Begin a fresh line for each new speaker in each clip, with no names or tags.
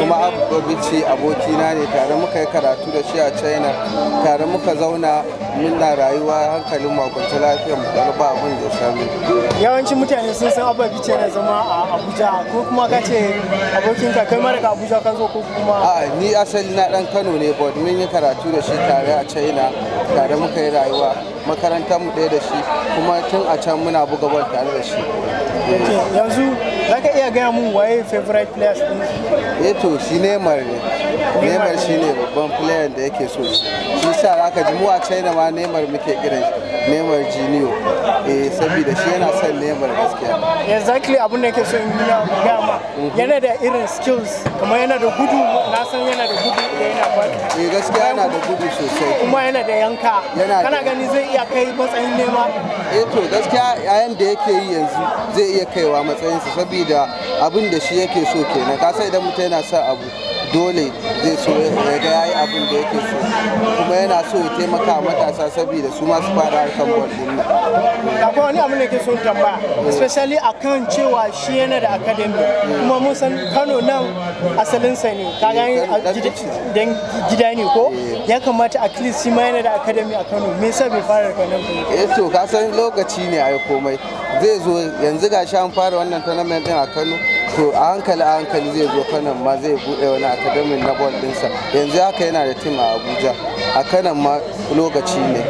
kuma abu abokina ne tare muka yi karatu da shi a china tare muka zauna muna rayuwa hankalin makwanci lafiyar mu ba abin da sami
yawancin mutane sun san abu bice na zama a abuja ko kuma ka ce abokin ka kai daga abuja ka zo ko kuma a
ni asali na dan kano ne but mun yi karatu da shi tare a china tare muka yi rayuwa makaranta mu ɗaya da shi kuma tun a can muna buga bol tare da shi yanzu za ka iya gaya mun waye favorite players ɗin eh to shi Neymar ne Neymar shi ne babban player da yake so shi sa za ka ji mu a China ma Neymar muke kiran shi Neymar jinio eh saboda shi yana son Neymar gaskiya
exactly abin da yake so in ga ma mhm. yana da irin skills kamar yana da gudu na san yana da gudu da yana ba eh gaskiya yana da gudu sosai kuma yana da yan ka kana gani zai iya kai matsayin nema
eh to gaskiya yayin da yake yi yanzu zai iya kaiwa matsayinsa saboda abin da shi yake so kenan ka sai idan mutum yana sa abu dole zai so ya ga yayi abin da yake so kuma yana so ya taimaka matasa saboda su masu fara harkar bol din nan
akwai wani abin da yake so tambaya eh. especially akan cewa shi yana da academy kuma mun san Kano nan asalin sa ne ka ga dan gida ne ko eh. ya kamata at least shi ma yana da academy a Kano me yasa bai fara Kano
eh to ka san lokaci ne ai komai zai zo yanzu ga an fara wannan tournament din a Kano to a hankali a hankali zai zo kanan ma zai buɗe wani akadamin na bol dinsa yanzu haka yana da tim a abuja a kanan ma lokaci ne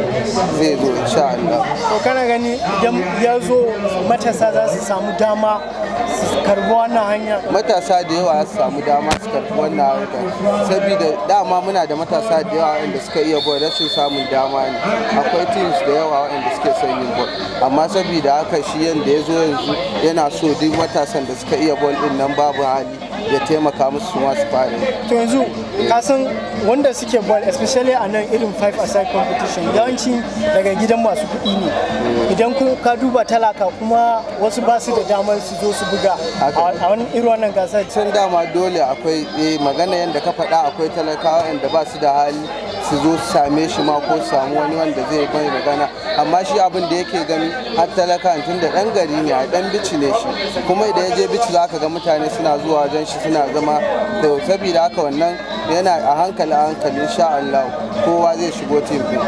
zai zo insha Allah to kana gani idan ya zo matasa za su samu dama matasa da yawa su samu dama su karbi wannan hanya saboda dama muna da matasa da yawa wanda suka iya bol rashin samun dama ne akwai teams da yawa wanda suke son yin bol amma saboda haka shi yanda ya zo yanzu yana so duk matasan da suka iya bol din nan babu hali ya taimaka musu su masu fare
to yanzu kasan wanda suke ball especially a nan irin five aside competition yawanci daga gidan masu kuɗi ne mm. idan ka duba talaka kuma wasu ba su da damar su zo su buga a wani irin wannan gasar tun dama dole
akwai eh, magana yadda ka faɗa akwai talakawa yadda ba su da hali su zo su same shi ma ko samu wani wanda zai bai magana amma shi abin da yake gani har talaka tun da dan gari ne a dan bici ne shi kuma idan ya je bici za ka ga mutane suna zuwa wajen shi suna zama da saboda haka wannan yana a hankali a hankali insha Allah kowa zai shigo tim din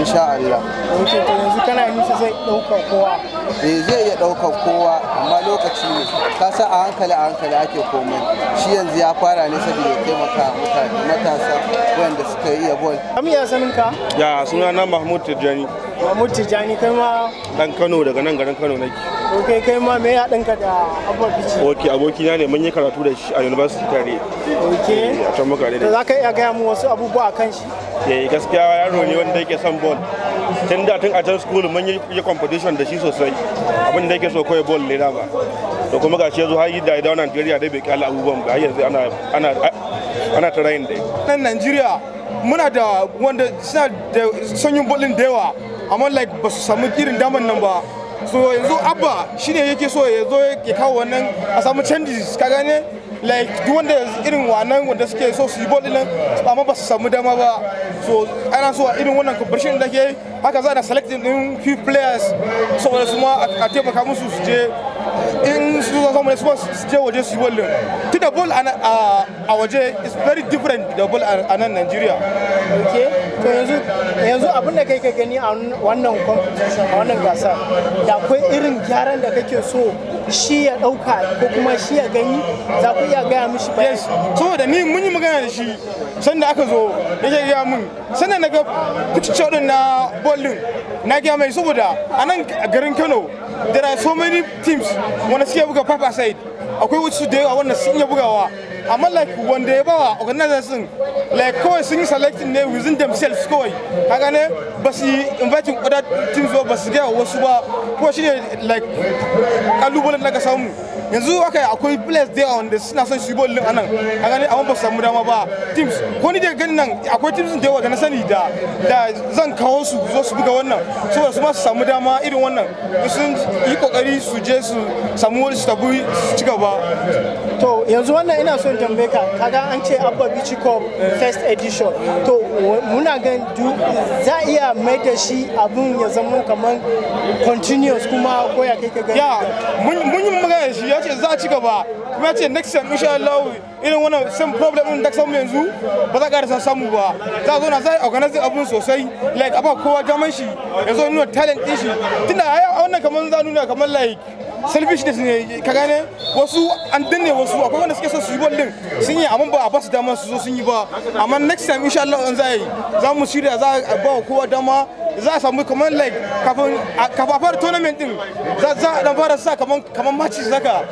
insha Allah
to yanzu kana nisa zai dauka kowa eh zai iya dauka
kowa amma lokaci ne ka san a hankali a hankali ake komai shi yanzu ya fara ne saboda ya taimaka mutane matasa wanda suka iya bol.
Ami ya sanin ka?
Ya suna na Mahmud Tijjani. Mahmud Tijani kai ma dan Kano daga nan garin Kano nake
ok kai ma me ya ɗinka da abubuwa
fice ok na ne mun yi karatu da shi a university tare ok a can muka da
za ka iya gaya mu wasu abubuwa kan shi
eh gaskiya yaro ne wanda yake son ball tun da tun a can school mun yi competition da shi sosai abin da yake so kawai ball ne da ba To kuma gashi yanzu har da idan Nigeria dai bai kyale abubuwan ba har yanzu ana ana ana trying dai nan Najeriya muna da wanda suna da sanyin bolin da yawa amma like ba su samu irin daman nan ba so yanzu abba shine yake so ya zo ya kawo wannan a samu canji ka gane like duk wanda irin wannan wanda suke so su yi bolin nan amma ba su samu dama ba so ana so a irin wannan competition da ke haka za a selecting din few players saboda su ma a taimaka musu su je in su zo zama su je waje su yi tunda ball a waje is very different da ball a nan Nigeria
okay to
yanzu
yanzu abin da kai ka gani a wannan competition a wannan gasar da akwai irin gyaran da kake so shi ya dauka ko kuma shi ya gani za ku iya gaya mishi so
saboda ni mun yi magana da shi sanda aka zo yake gaya mun sannan na ga picture din na bolin na gaya mai saboda a nan garin Kano there are so many teams wanda suke buga pop aside akwai wasu da yawa wanda sun iya bugawa amma like wanda ya bawa organizers like kawai sun yi selecting ne within themselves kawai haka ne ba su yi inviting other teams ba su gaya wasu ba ko shi ne like kalubalen da ka samu yanzu aka yi akwai place da on wanda suna son su yi bolin anan a gani a ba su samu dama ba teams ko ni da ganin nan akwai teams da yawa da na sani da da zan kawo su zo su buga wannan saboda su ma su samu dama irin wannan sun yi kokari su je su samu wani su tabu su ci gaba
to yanzu wannan ina son tambaye ka kaga an ce abba bichikov first edition to muna gan za iya mai da shi abun ya zama kamar continuous kuma ko ya kai
ka ya mun yi magana shi ya ce za a ci gaba kuma ya ce next time insha Allah irin wannan sun problem din da samu yanzu ba za ka karasa samu ba za a zo na sai organize abun sosai like abba kowa jaman shi yanzu nuna talent din shi tunda a wannan kamar za nuna kamar like selfishness ne ka gane wasu an danne wasu akwai wanda suke so su yi ball din sun yi amma ba a basu dama su zo sun yi ba amma next time insha Allah an za za mu shirya za a ba kowa dama za a samu kamar like kafin kafin fara tournament din za a dan fara sa kamar kamar matches zaka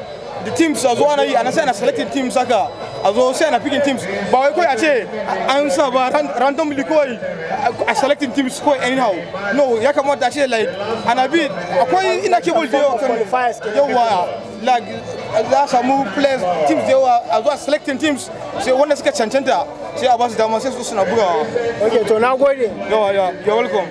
the teams a zo ana yi ana sai ana selected teams zaka a zo sai ana picking teams ba wai kawai a ce an sa ba randomly kawai a selecting teams kawai anyhow no ya kamata a ce like ana bi akwai ina cable da yawa kan yawa like za a samu players teams da yawa a zo a selecting
teams sai wanda suka cancanta sai a ba su dama sai su suna bugawa okay to na gode yawa yawa you're welcome